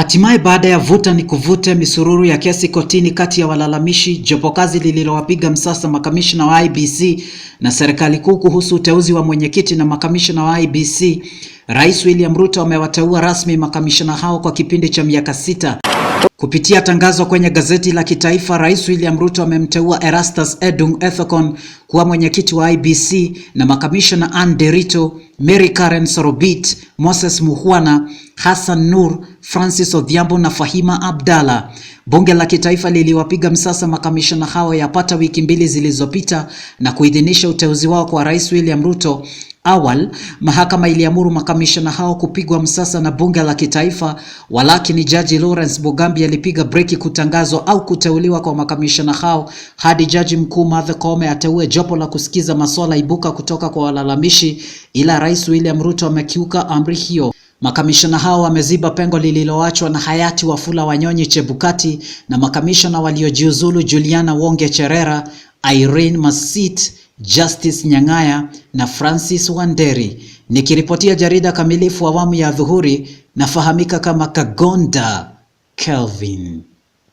Hatimaye baada ya vuta ni kuvute misururu ya kesi kotini kati ya walalamishi, jopo kazi lililowapiga msasa makamishna wa IEBC na serikali kuu kuhusu uteuzi wa mwenyekiti na makamishna wa IEBC, Rais William Ruto amewateua rasmi makamishna hao kwa kipindi cha miaka sita. Kupitia tangazo kwenye gazeti la kitaifa, Rais William Ruto amemteua Erastus Edung Ethekon kuwa mwenyekiti wa IEBC na makamishna Ann Derito, Mary Karen Sorobit, Moses Muhwana, Hassan Nur, Francis Odhiambo na Fahima Abdalla. Bunge la kitaifa liliwapiga msasa makamishna hao yapata wiki mbili zilizopita na kuidhinisha uteuzi wao kwa Rais William Ruto Awali mahakama iliamuru makamishna hao kupigwa msasa na bunge la kitaifa, walakini jaji Lawrence Bogambi alipiga breki kutangazwa au kuteuliwa kwa makamishna hao hadi jaji mkuu Martha Koome ateue jopo la kusikiza masuala ibuka kutoka kwa walalamishi, ila Rais William Ruto amekiuka amri hiyo. Makamishna hao wameziba pengo lililoachwa na hayati Wafula Wanyonyi Chebukati na makamishna waliojiuzulu Juliana Wonge Cherera, Irene Masit Justice Nyang'aya na Francis Wanderi. Nikiripotia jarida kamilifu awamu ya dhuhuri, nafahamika kama Kagonda Kelvin.